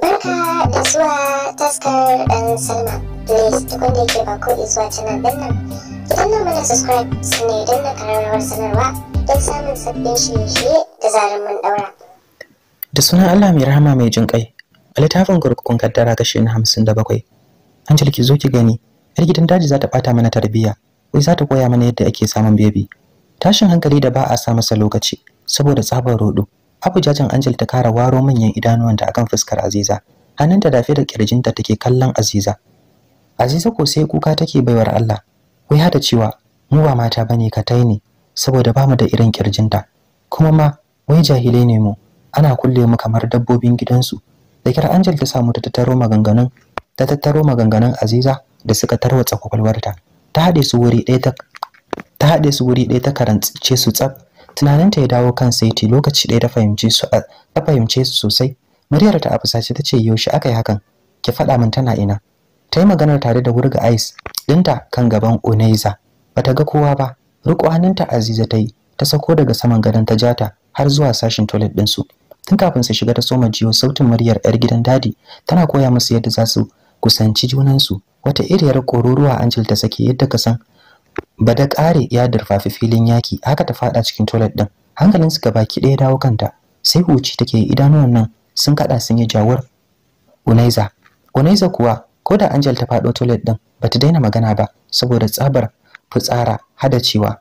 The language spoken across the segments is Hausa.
Barka da zuwa taskar ɗan Salma. Please duk wanda yake ba ko nan. don samun sabbin da zarar Da sunan Allah mai rahama mai jin kai a littafin kurkukun kaddara kashi na hamsin da bakwai. An ki zo ki gani yar gidan daji za ta bata mana tarbiyya wai za ta koya mana yadda ake samun bebi tashin hankali da ba a sa masa lokaci saboda tsabar rodo abujajen Anjel ta kara waro manyan idanuwan da akan fuskar aziza hannunta dafe da kirjinta take kallon aziza aziza ko sai kuka take baiwar allah wai hada cewa mu ba mata bane ka tai ne saboda mu da irin kirjinta kuma ma wai jahilai ne mu ana kulle mu kamar dabbobin gidansu da kira angel ta samu ta tattaro maganganun ta tattaro maganganun aziza da suka tarwatsa kwakwalwarta ta haɗe su wuri ɗaya ta su wuri ɗaya ta karance su tsaf tunaninta ya dawo kan saiti lokaci ɗaya ta fahimce su ta fahimce su sosai muryar ta a fusace ta ce yaushe aka yi hakan ki faɗa min tana ina ta yi maganar tare da wurga ice ɗinta kan gaban oneza bata ga kowa ba riƙo hannunta aziza ta yi ta sako daga saman gadon ta jata har zuwa sashin toilet su. tun kafin su shiga ta soma jiyo sautin muryar 'yar gidan dadi tana koya musu yadda za su kusanci junansu wata iriyar ƙoruruwa Angel ta sake yadda ka san ba da ƙare ya durfafi filin yaki haka ta faɗa cikin toilet ɗin hankalin su baki ɗaya dawo kanta sai huci take idanuwan nan sun kaɗa sun yi jawar Unaiza Unaiza kuwa ko da Angel ta faɗo toilet ɗin bata daina magana ba saboda tsabar fitsara hada cewa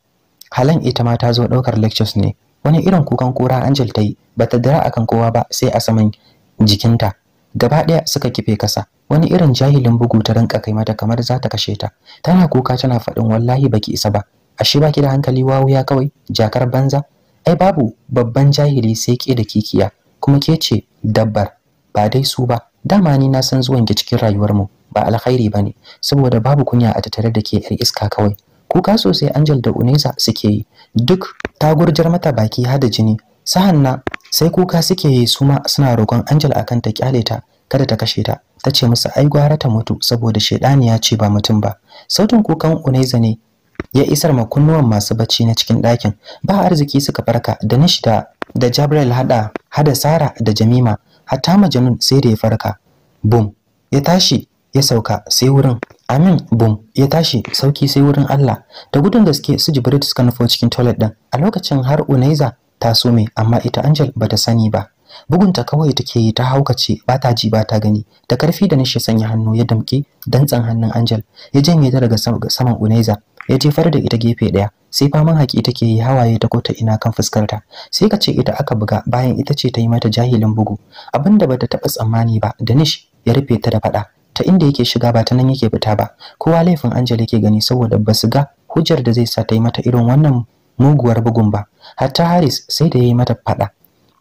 halan ita ma ta zo ɗaukar lectures ne wani irin kukan kura Angel ta yi bata dira akan kowa ba sai a saman jikinta gaba ɗaya suka kife kasa wani irin jahilin bugu ta rinka kai mata kamar za ta kashe ta tana kuka tana faɗin wallahi baki isa ba ashe baki da hankali wawuya kawai jakar banza ai babu babban jahili sai ke da kikiya kuma ke ce dabbar ba dai su ba dama ni na san zuwan ki cikin rayuwar mu ba alkhairi ba ne. saboda babu kunya a tattare da ke yar iska kawai kuka sosai Angel da Unesa suke yi duk ta gurjar mata baki hada jini sahanna sai kuka suke yi su ma suna roƙon Angel akan ta kyale ta kada ta kashe ta ta ce musu ai gwara ta mutu saboda ya ce ba mutum ba sautin kukan uneza ne ya isar ma kunnuwan masu bacci na cikin ɗakin ba arziki suka farka da nishida da jabrail hada hada Sara da Jamima hatta majanun sai da ya farka bum ya tashi ya sauka sai wurin Amin bum ya tashi sauki sai wurin Allah da gudun gaske su jibrit suka nufo cikin toilet din a lokacin har uneza. ta sume amma ita Angel bata sani ba bugunta kawai take yi ta haukace ba ta ji ba ta gani da karfi da nishi sanya hannu ya damke dantsan hannun Angel ya janye ta daga saman Uneza ya jefar da ita gefe daya sai faman haƙi take yi hawaye ta kota ina kan fuskarta sai ka ce ita aka buga bayan ita ce ta yi mata jahilin bugu abinda bata taba tsammani ba da Danish ya rufe ta da fada ta inda yake shiga ba ta nan yake fita ba kowa laifin Angel yake gani saboda basu ga hujjar da zai sa ta yi mata irin wannan muguwar bugun ba hatta Haris sai da yayi mata fada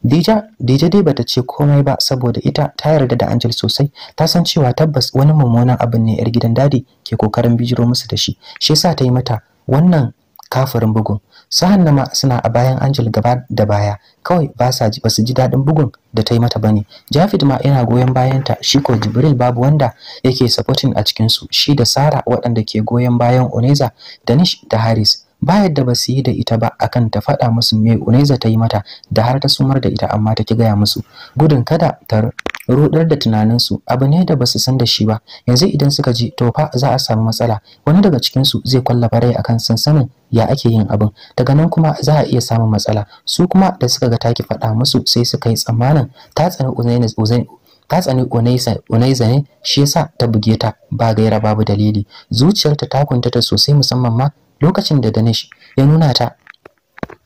Dija Dija dai bata ce komai ba saboda ita ta yarda da Angel sosai ta san cewa tabbas wani mummunan abin ne yar gidan dadi ke kokarin bijiro musu da shi shi yasa ta yi mata wannan kafirin bugun sahan ma suna a bayan Angel gaba da baya kawai ba sa ji basu ji dadin bugun da ta yi mata bane Jafid ma yana goyon bayan ta shi ko Jibril babu wanda yake supporting a cikin su shi da Sara waɗanda ke goyon bayan Oneza Danish da Haris ba yadda ba su yi da ita ba akan ta faɗa musu me Uneza ta yi mata da har ta sumar da ita amma ta ki gaya musu gudun kada ta rudar da tunaninsu abu ne da basu san da shi ba yanzu idan suka ji to za a samu matsala wani daga cikin su zai kwallafa rai akan sansanin ya ake yin abin daga nan kuma za a iya samun matsala su kuma da suka ga taki faɗa musu sai suka yi tsammanin ta tsani ta tsani ne shi yasa ta buge ta ba gaira babu dalili zuciyarta ta kuntata sosai musamman ma lokacin da Danish ya nuna ta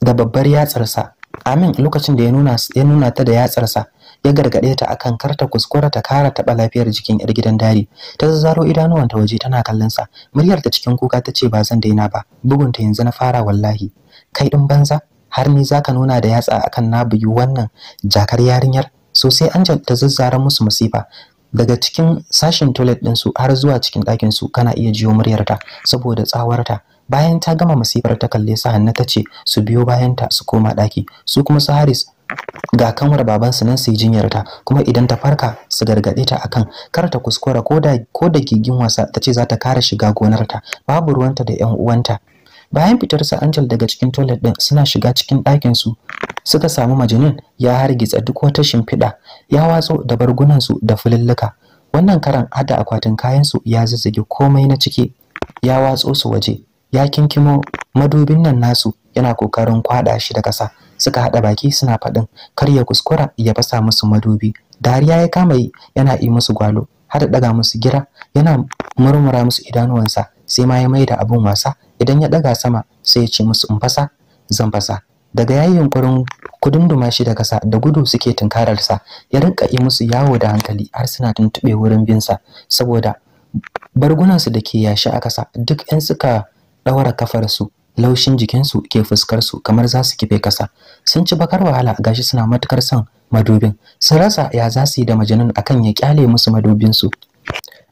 da babbar yatsarsa Amin lokacin da ya nuna ya nuna ta da yatsarsa ya gargade ta akan karta kuskura ta kara taba lafiyar jikin yar gidan dari ta zazzaro ta waje tana kallon sa muryar ta cikin kuka tace ba zan daina ba bugun ta yanzu na fara wallahi kai din banza har ni zaka nuna da yatsa akan na bugi wannan jakar yarinyar so sai Angel ta zazzara musu musifa daga cikin sashin toilet din su har zuwa cikin ɗakin su kana iya jiyo muryarta saboda tsawarta bayan ta gama masifar ta kalle su hanna ta ce su biyo bayanta su koma ɗaki su kuma su haris ga kanwar babansu nan su yi jinyarta kuma idan ta farka su gargaɗe ta akan kar ta kuskura ko da gigin wasa ta ce za ta kare shiga gonarta babu ruwanta da 'yan uwanta bayan fitar sa Angel daga cikin toilet din suna shiga cikin ɗakin su suka samu majinin ya hargitsa duk wata shimfiɗa ya watso da bargunan su da fulilluka wannan karan hada akwatin kayan su ya zazzage komai na ciki ya watso su waje ya kinkimo madubin nan nasu yana kokarin kwada shi da ƙasa suka hada baki suna faɗin kar ya kuskura ya fasa musu madubi dariya ya kama yi yana yi musu gwalo har da daga musu gira yana murmura musu idanuwansa sai ma ya maida abun wasa idan ya daga sama sai ya ce musu in fasa zan fasa daga yayin yunkurin kudunduma shi da kasa da gudu suke tunkarar sa ya rinka yi musu yawo da hankali har suna tuntube wurin binsa saboda bargunansu da ke yashi a kasa duk 'yan suka ɗaura kafarsu laushin jikinsu ke fuskarsu kamar za su kife kasa sun ci bakar wahala gashi suna matukar son madubin sun rasa ya za su yi da majanun akan ya kyale musu madubinsu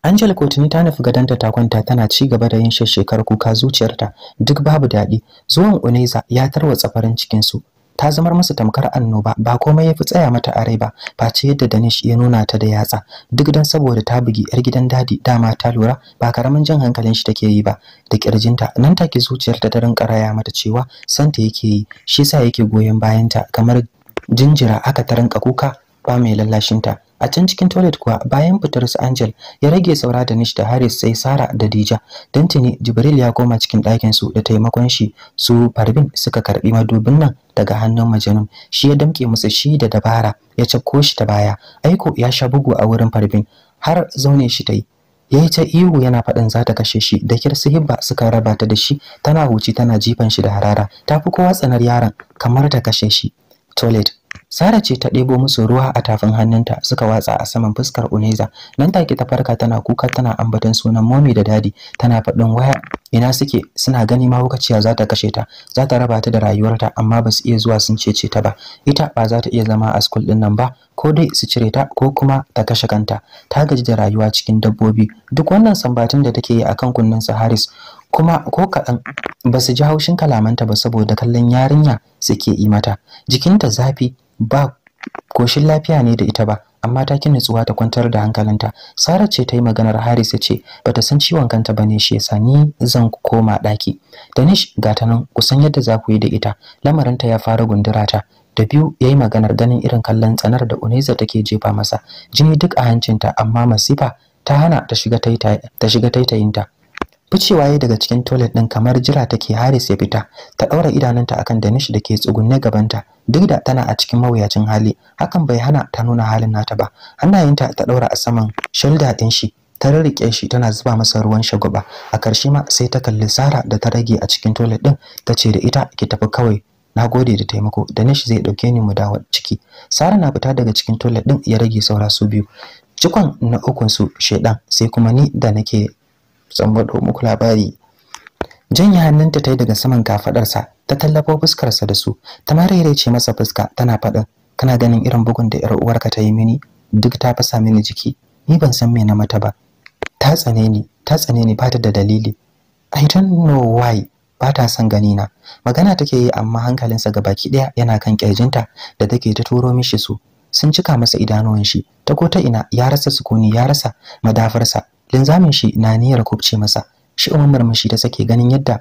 Angel Kotuni ta nufi gadonta ta kwanta tana ci gaba da yin shekar kuka zuciyarta duk babu daɗi zuwan Uneza ya tarwatsa farin cikinsu ta zamar masa tamkar annoba ba komai ya fi tsaya mata a rai ba face yadda Danish ya nuna ta da yatsa duk dan saboda ta bugi yar gidan dadi dama ta lura ba karamin jin hankalin shi take yi ba da kirjinta nan take zuciyarta ta rinka raya mata cewa santa yake yi shi yasa yake goyon bayanta kamar jinjira aka ta rinka kuka ba mai lallashinta a can cikin toilet kuwa bayan fitar su Angel ya rage saura da Nish da Haris sai Sara da Dija Don tuni Jibril ya koma cikin ɗakin su da taimakon shi su Farbin suka karbi madubin nan daga hannun majanun. shi ya damke musu shi da dabara ya cafko shi ta baya aiko ya sha bugu a wurin Farbin har zaune shi ta yi ya yi ta ihu yana faɗin za ta kashe shi da kirsi hibba suka raba ta da shi tana huci tana jifan shi da harara ta fi kowa tsanar yaron kamar ta kashe shi toilet Sara ce ta ɗebo musu ruwa a tafin hannunta suka watsa a saman fuskar Uneza. Nan take ta farka tana kuka tana ambaton sunan momi da dadi tana faɗin waya ina suke suna gani mahaukaciya za ta kashe ta za ta raba ta da rayuwarta amma ba su iya zuwa sun cece ta ba ita ba za ta iya zama a school ɗin nan ba ko dai su cire ta ko kuma ta kashe kanta ta gaji da rayuwa cikin dabbobi duk wannan sambatun da take yi akan kunnen su Haris kuma ko kaɗan ba su ji haushin kalamanta ba saboda kallon yarinya suke yi mata jikinta zafi ba koshin lafiya ne da ita ba amma ta ki nutsuwa ta kwantar da hankalinta Sara ce ta yi maganar Haris ya ce bata san ciwon kanta ba bane shi yasa ni zan koma ɗaki. Danish ga ta nan kusan yadda za ku yi da ita lamarinta ya fara gundura ta da biyu ya yi maganar ganin irin kallon tsanar da Uneza take jefa masa jini duk a hancinta amma masifa ta hana ta shiga taitayinta fice waye daga cikin toilet din kamar jira take Haris ya fita ta daura idanunta akan Danish da ke tsugunne gabanta duk da tana a cikin mawuyacin hali hakan bai hana ta nuna halin nata ba hannayenta ta daura a saman shoulder din shi ta rarrike shi tana zuba masa ruwan shagwaba a karshe ma sai ta kalli Sara da ta rage a cikin toilet din ta ce da ita ki tafi kawai Na gode da taimako. Danish zai dauke ni mu dawo ciki. Sara na fita daga cikin toilet din ya rage saura su biyu. Cikon na ukun su shedan sai kuma ni da nake zan bado muku labari janye hannunta ta yi daga saman kafadarsa ta tallafo fuskarsa da su ta marerece masa fuska tana faɗin kana ganin irin bugun da yar uwarka ta yi mini duk ta fasa mini jiki ni ban san me na mata ba ta tsane ni ta tsane ni bata da dalili i don't know why ba ta son gani na magana take yi amma hankalinsa ga baki daya yana kan kirjinta da take ta turo mishi su sun cika masa idanuwan shi ta ko ta ina ya rasa sukuni ya rasa madafarsa linzamin shi na niyyar kubce masa shi umar murmushi da sake ganin yadda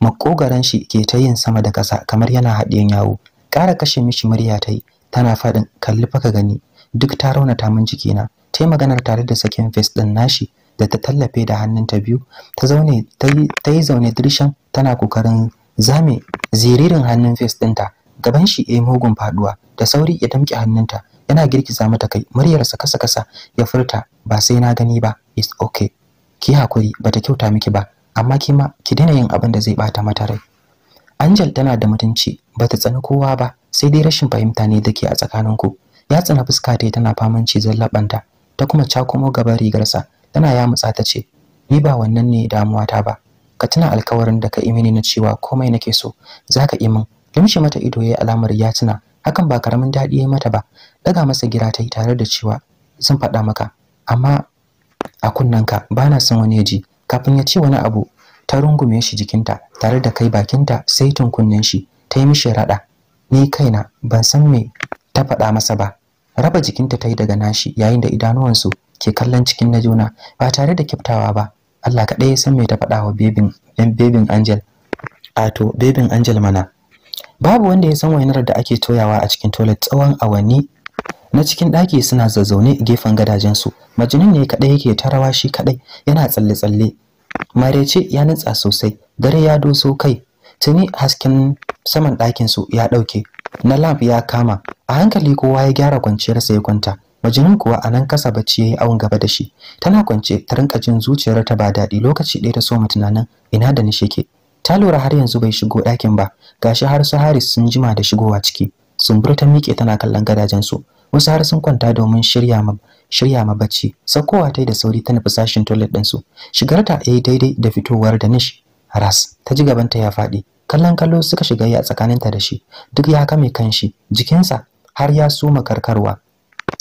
makogaran shi ke ta yin sama da kasa kamar yana haɗiyan yawo ƙara kashe mishi murya ta yi tana faɗin kalli fa ka gani duk ta raunata min jikina ta yi maganar tare da sakin face ɗin nashi da ta tallafe da hannunta biyu ta zaune ta yi zaune dirshan tana kokarin zame ziririn hannun face ɗinta gaban shi ya mugun faduwa da sauri ya damke hannunta yana girgiza mata kai muryar sa kasa kasa ya furta ba sai na gani ba it's okay ki hakuri bata kyauta miki ba amma ki ma ki daina yin abin da zai bata mata rai Angel tana da mutunci bata tsani kowa ba sai dai rashin fahimta ne dake a tsakaninku ya tsana fuska ta tana faman cizon labanta ta kuma cakumo gaban rigarsa tana mutsa ta ce ni ba wannan ne damuwa ta ba ka tuna alkawarin da ka mini na cewa komai nake so zaka yi min limshi mata ido yayi alamar ya tuna hakan ba karamin daɗi ya mata ba daga masa gira ta yi tare da cewa zan faɗa maka amma a kunnanka ba na son wani ya ji kafin ya ce wani abu ta rungume shi jikinta tare da kai bakinta sai kunnen shi ta yi mishi raɗa ni kaina ban san me ta faɗa masa ba raba jikinta ta yi daga nashi yayin da idanuwansu ke kallon cikin na juna ba tare da kiftawa ba Allah kaɗai ya san me ta faɗa wa bebin bebin angel ato bebin angel mana babu wanda ya san wainar da ake toyawa a cikin toilet tsawon awanni na cikin ɗaki suna zazzaune gefen gadajensu majinin ne kaɗai yake ta rawa shi kaɗai yana tsalle-tsalle marece ya nutsa sosai dare ya doso kai tuni hasken saman ɗakinsu ya ɗauke na lamp ya kama a hankali kowa ya gyara kwanciyarsa ya kwanta majinin kuwa a nan kasa bacci ya yi awon gaba da shi tana kwance ta rinka jin zuciyar ta ba daɗi lokaci ɗaya ta soma tunanin ina da ni ta lura har yanzu bai shigo ɗakin ba gashi har su haris sun jima da shigowa ciki sumbur ta miƙe tana kallon gadajen wasu har sun kwanta domin shirya ma shirya ma bacci saukowa ta da sauri ta nufi sashin toilet ɗinsu shigar ta yi daidai da fitowar da nish ras ta ji gabanta ya faɗi kallon kallo suka shiga ya tsakaninta da shi duk ya kame kanshi jikinsa har ya suma karkarwa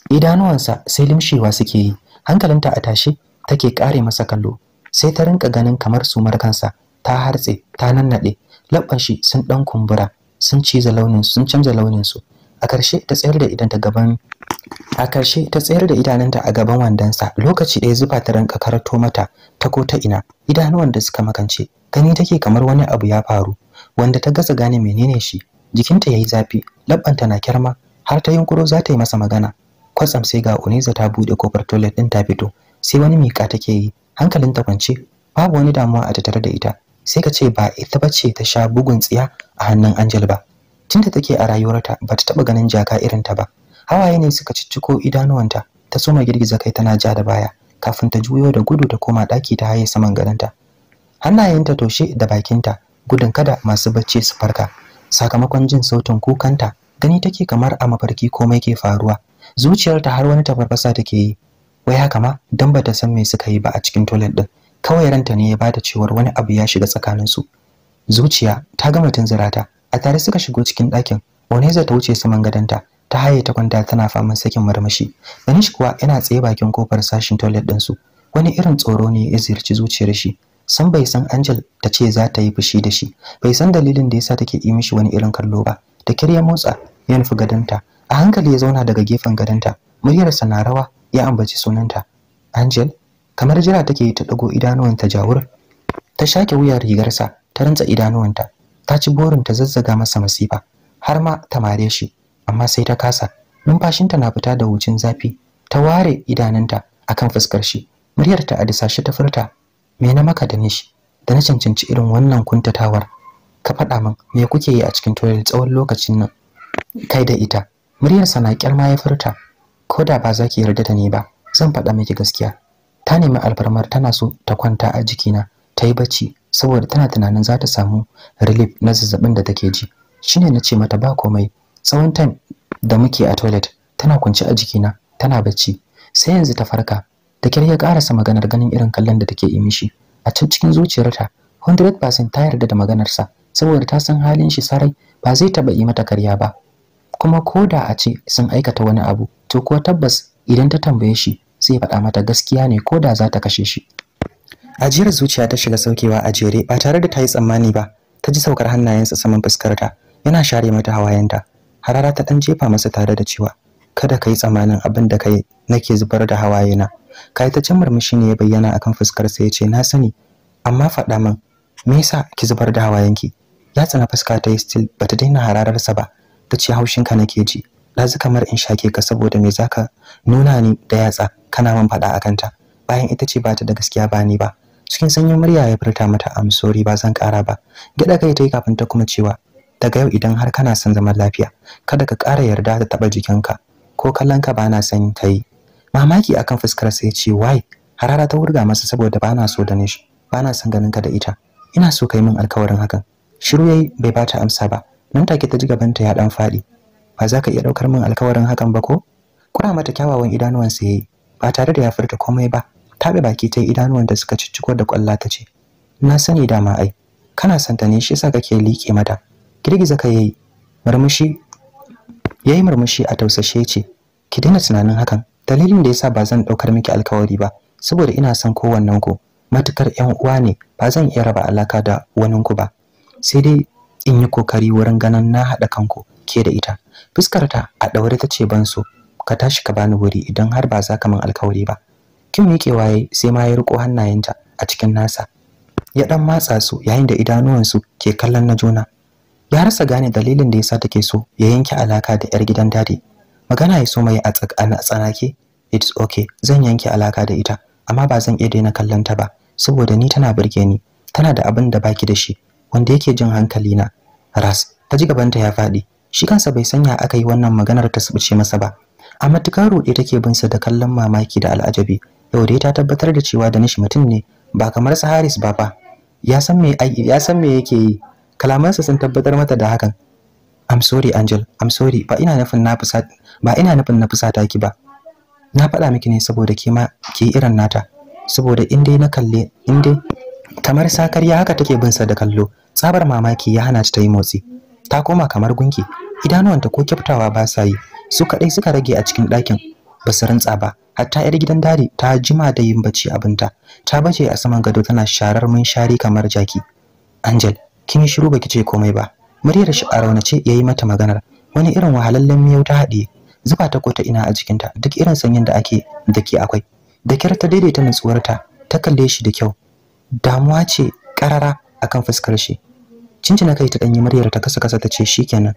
idanuwansa sai limshewa suke yi hankalinta a tashe take kare masa kallo sai ta rinka ganin kamar sumar kansa ta hartse ta nannaɗe labban shi sun ɗan kumbura sun ciza launin sun canza launin su a karshe ta tsayar da idan ta gaban a karshe ta tsayar da idanunta a gaban wandonsa lokaci ɗaya zufa ta ranka karato mata ta ko ta ina idanuwan da suka makance gani take kamar wani abu ya faru wanda ta gasa gane menene shi jikinta yayi zafi labbanta na kyarma har ta yunkuro za ta yi masa magana kwatsam sai ga Oneza ta buɗe kofar toilet ɗin ta fito sai wani mika take yi hankalin ta kwance babu wani damuwa a tattare da ita sai ka ce ba ita ba ce ta sha bugun tsiya a hannun Angel ba tunda take a rayuwarta ba ta taba ganin jaka irin ta ba hawaye ne suka cicciko idanuwanta ta soma girgiza kai tana ja da baya kafin ta juyo da gudu ta koma daki ta haye saman gadonta hannayenta toshe da bakinta gudun kada masu bacci su farka sakamakon jin sautin kukanta gani take kamar a mafarki komai ke faruwa zuciyarta har wani tafarfasa take yi wai haka ma dan bata san me suka yi ba a cikin toilet din kawai ranta ne ya bata cewar wani abu ya shiga su zuciya ta gama tunzurata a tare suka shigo cikin ɗakin oneza ta wuce saman gadonta ta haye ta kwanta tana faman sakin marmashi danish kuwa yana tsaye bakin kofar sashin toilet su wani irin tsoro ne ya ziyarci zuciyar shi san bai san angel ta ce za ta yi fushi da shi bai san dalilin da yasa take yi mishi wani irin kallo ba da kirya motsa ya nufi gadonta a hankali ya zauna daga gefen gadonta muryarsa na rawa ya ambaci sunanta angel kamar jira take ta dago idanuwanta jawur ta shake wuyar rigarsa ta rantsa idanuwanta ta ci borin ta zazzaga masa masifa har ma ta mare shi amma sai ta kasa numfashinta na fita da wucin zafi ta ware idananta akan fuskar shi muryar ta a disashe ta furta me na maka da nishi da na cancanci irin wannan kuntatawar ka faɗa min me kuke yi a cikin toilet tsawon lokacin nan kai da ita muryarsa na kyarma ya furta ko da ba za ki yarda da ni ba zan faɗa miki gaskiya ta nemi alfarmar tana so ta kwanta a jikina ta yi bacci saboda tana tunanin za ta samu relief na zazzabin da take ji shine na ce mata ba komai tsawon time da muke a toilet tana kwance a jikina tana bacci sai yanzu ta farka da kyar ya karasa maganar ganin irin kallon da take yi mishi a can cikin zuciyarta 100% ta yarda da maganarsa saboda ta san halin shi sarai ba zai taba yi mata karya ba kuma ko da a ce sun aikata wani abu to kuwa tabbas idan ta tambaye shi zai faɗa mata gaskiya ne ko da za ta kashe shi ajiyar zuciya ta shiga saukewa a jere ba tare da ta yi tsammani ba ta ji saukar hannayensa saman fuskarta yana share mata hawayenta harara ta ɗan jefa masa tare da cewa kada ka yi tsammanin abin da kai nake zubar da hawayena kai ta can murmushi ne ya bayyana akan fuskarsa ya ce na sani amma faɗa min me yasa ki zubar da hawayenki ya tsana fuska ta yi still ta daina harararsa ba ta ce haushinka nake ji ɗazu kamar in shake ka saboda me zaka nuna ni da yatsa kana man faɗa akan ta bayan ita ce ba ta da gaskiya ba ni ba cikin sanyin murya ya furta mata am sorry ba zan ƙara ba gida kai ta yi kafin ta kuma cewa daga yau idan har kana son zaman lafiya kada ka ƙara yarda ta taɓa jikinka ko kallon ka bana son ka yi mamaki akan fuskar sai ce wai harara ta wurga masa saboda bana so da nishi bana son ganin ka da ita ina so ka kai min alkawarin hakan shiru yayi bai bata amsa ba nan take ta ji gabanta ya dan faɗi ba za ka iya ɗaukar min alkawarin hakan ba ko kura mata kyawawan idanuwan sai yayi ba tare da ya furta komai ba taɓe baki ta idanuwan da suka cicciko da ƙwalla ta ce na sani dama ai kana santa ne shi yasa kake liƙe mata girgiza ka yayi murmushi yayi murmushi a tausashe ce ki daina tunanin hakan dalilin da yasa ba zan ɗaukar miki alkawari ba saboda ina son kowannen ku matukar ƴan uwa ne ba zan iya raba alaka da waninku ba sai dai in yi kokari wurin ganin na haɗa kanku ke da ita fuskarta a ɗaure ta ce ban so ka tashi ka bani wuri idan har ba za ka min alkawari ba kin miƙe waye sai ma ya riko hannayenta a cikin nasa ya dan matsa su yayin da idanuwan su ke kallon na juna ya rasa gane dalilin da yasa take so ya yanke alaka da yar gidan dadi magana ya so mai a tsanake it's okay zan yanke alaka da ita amma ba zan iya daina kallon ta ba saboda ni tana burge ni tana da abin da baki da shi wanda yake jin hankali na ras ta ji gabanta ya faɗi shi kansa bai sanya aka yi wannan maganar ta subuce masa ba a matukar roɗe take bin sa da kallon mamaki da al'ajabi yau dai ta tabbatar da cewa da mutum ne ba kamar sa Haris ba fa ya san me ya san me yake yi kalamansa sun tabbatar mata da hakan I'm sorry Angel I'm sorry ba ina nufin na fusa ba ina nufin na fusata ki ba na faɗa miki ne saboda ke ma ke irin nata saboda in dai na kalle in dai kamar sakarya haka take bin sa da kallo tsabar mamaki ya hana ta yi motsi ta koma kamar gunki idanuwanta ko kyaftawa ba sa yi su kaɗai suka rage a cikin ɗakin ba su rantsa ba hatta yar gidan dare ta jima da yin bacci abinta ta bace a saman gado tana sharar mun shari kamar jaki angel kin shiru baki ce komai ba muryar shi a raunace yayi mata maganar wani irin wahalallen miyau ta haɗiye zuba ta kota ina a jikinta duk irin sanyin da ake da ke akwai da kyar ta daidaita nutsuwarta ta kalle shi da kyau damuwa ce karara akan fuskar shi cincina kai ta danyi muryar ta kasa kasa ta ce shikenan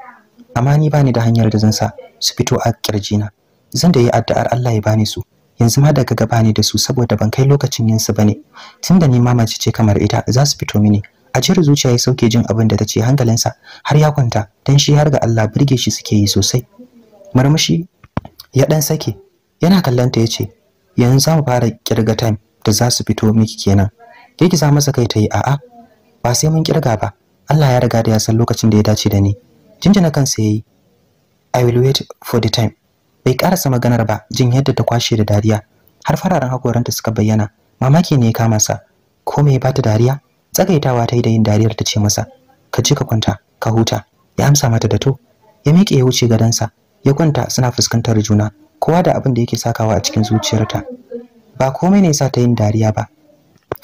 amma ni bani da hanyar da zan sa su fito a na. zan da yi addu'ar Allah ya bani su yanzu ma daga gaba ne da su saboda ban kai lokacin yin su bane tunda ni mama ce kamar ita za su fito mini a jira zuciya ya sauke jin abin da ta ce hankalinsa har ya kwanta dan shi har ga Allah burge shi suke yi sosai murmushi ya dan sake yana kallanta ya ce yanzu za mu fara kirga time da za su fito miki kenan kike masa kai ta yi a'a ba sai mun kirga ba Allah ya riga da ya san lokacin da ya dace da ni jinjina kansa yayi I will wait for the time bai karasa maganar ba jin yadda ta kwashe da dariya har fararen hakoranta suka bayyana mamaki ne ya kama sa ko me ba ta dariya tsagaitawa ta yi da yin dariyar ta ce masa ka ci ka kwanta ka huta ya amsa mata da to ya miƙe ya wuce gadansa ya kwanta suna fuskantar juna kowa da abin da yake sakawa a cikin zuciyarta ba komai ne sa ta yin dariya ba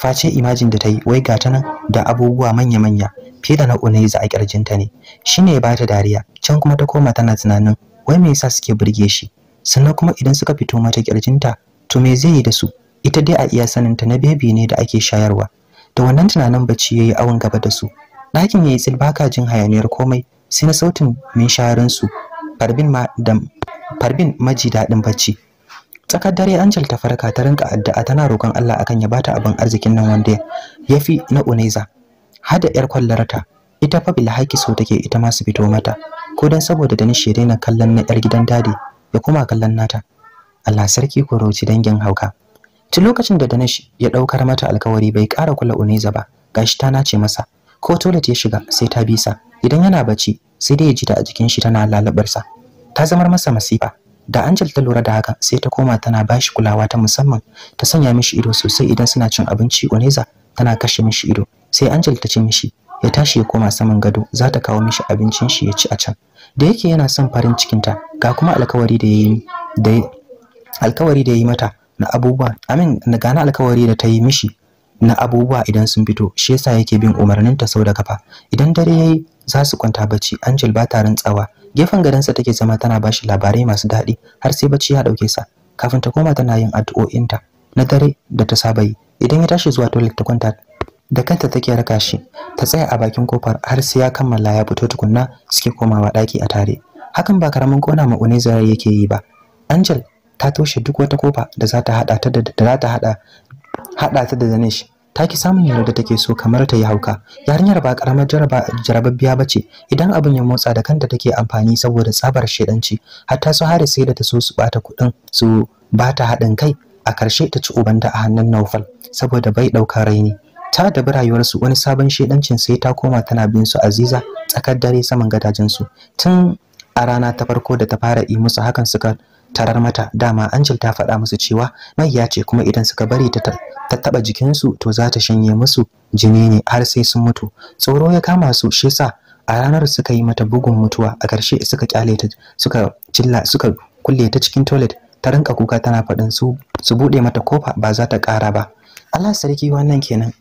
face imajin da ta yi wai gata nan da abubuwa manya-manya fiye da na za a kirjinta ne shi ne ya bata dariya can kuma ta koma tana tunanin wai me yasa suke burge shi sannan kuma idan suka fito mata kirjinta to me zai yi da su ita dai a iya sanin ta na bebi ne da ake shayarwa da wannan tunanin bacci yayi awon gaba da su ɗakin yayi tsil baka jin hayaniyar komai sai na sautin min shayarin su farbin ma da farbin maji daɗin bacci tsakar dare Angel ta farka ta rinka addu'a tana roƙon Allah akan ya bata abin arzikin nan wanda yafi na Uneza hada yar kwallarta ita fa haki so take ita ma su fito mata ko dan saboda dani ya daina kallon na yar gidan dadi ya kuma kallon nata Allah sarki ko roci dangin hauka tun lokacin da Danish ya daukar mata alkawari bai kara kula Uneza ba gashi ta nace masa ko toilet ya shiga sai ta bisa idan yana bacci sai dai ya ji ta a jikin shi tana lalabarsa ta zamar masa masifa da Angel ta lura da haka sai ta koma tana bashi kulawa ta musamman ta sanya mishi ido sosai idan suna cin abinci Oneza tana kashe mishi ido sai Angel ta ce mishi ya tashi ya koma saman gado za ta kawo mishi abincin shi ya ci a can da yake yana son farin cikin ta ga kuma alkawari da yayi da alkawari da yayi mata na abubuwa amin ga na alkawari da ta yi mishi na abubuwa idan sun fito shi yasa yake bin umarnin ta sau da kafa idan dare yayi za su kwanta bacci Angel ba ta rantsawa gefen gadansa take zama tana bashi labarai masu daɗi har sai bacci ya dauke sa kafin ta koma tana yin addu'o'inta na dare da ta saba yi idan ya tashi zuwa toilet ta kwanta da kanta take raka shi ta tsaya a bakin kofar har sai ya kammala ya fito tukunna suke komawa ɗaki a tare hakan ba karamin kona ma zarar yake yi ba Angel ta toshe duk wata kofa da za ta hada ta da za ta hada hada ta da Danish ta ki samun yarda take so kamar ta yi hauka yarinyar ba karamar jaraba jarababbiya bace idan abin ya motsa da kanta take amfani saboda tsabar shedanci hatta su hare sai da ta so su bata kudin su bata hadin kai a karshe ta ci ubanta a hannun Naufal saboda bai dauka raini ta dabi rayuwarsu wani sabon shedancin sai ta koma tana bin su aziza tsakar dare saman su tun a rana ta farko da ta fara yi musu hakan suka tarar mata dama Angel ta faɗa musu cewa Mai ya ce kuma idan suka bari ta ta jikin su to za ta shanye musu jini ne har sai sun mutu tsoro ya kama su shi yasa a ranar suka yi mata bugun mutuwa a ƙarshe suka kyale ta suka cilla suka kulle ta cikin toilet ta rinka kuka tana faɗin su su buɗe mata kofa ba za ta ƙara ba Allah sarki wannan kenan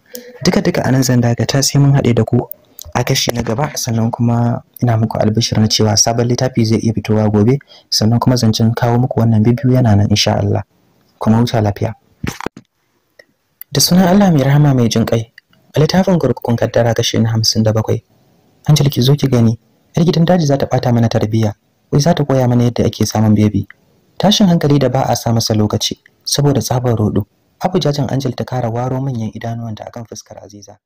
duka duka anan zan dakata sai mun haɗe da ku a kashi na gaba sannan kuma ina muku albishirin na cewa sabon littafi zai iya fitowa gobe sannan kuma zancen kawo muku wannan bibiyu yana nan insha Allah kuma huta lafiya da sunan Allah mai rahama mai jin kai a littafin gurgurkun kaddara kashi na hamsin da bakwai Angel ki zo ki gani yar gidan daji za ta bata mana tarbiyya wai za ta koya mana yadda ake samun bebi tashin hankali da ba a sa masa lokaci saboda tsabar rodo Abu jajan Angel ta kara waro manyan idanuwanta akan fuskar Aziza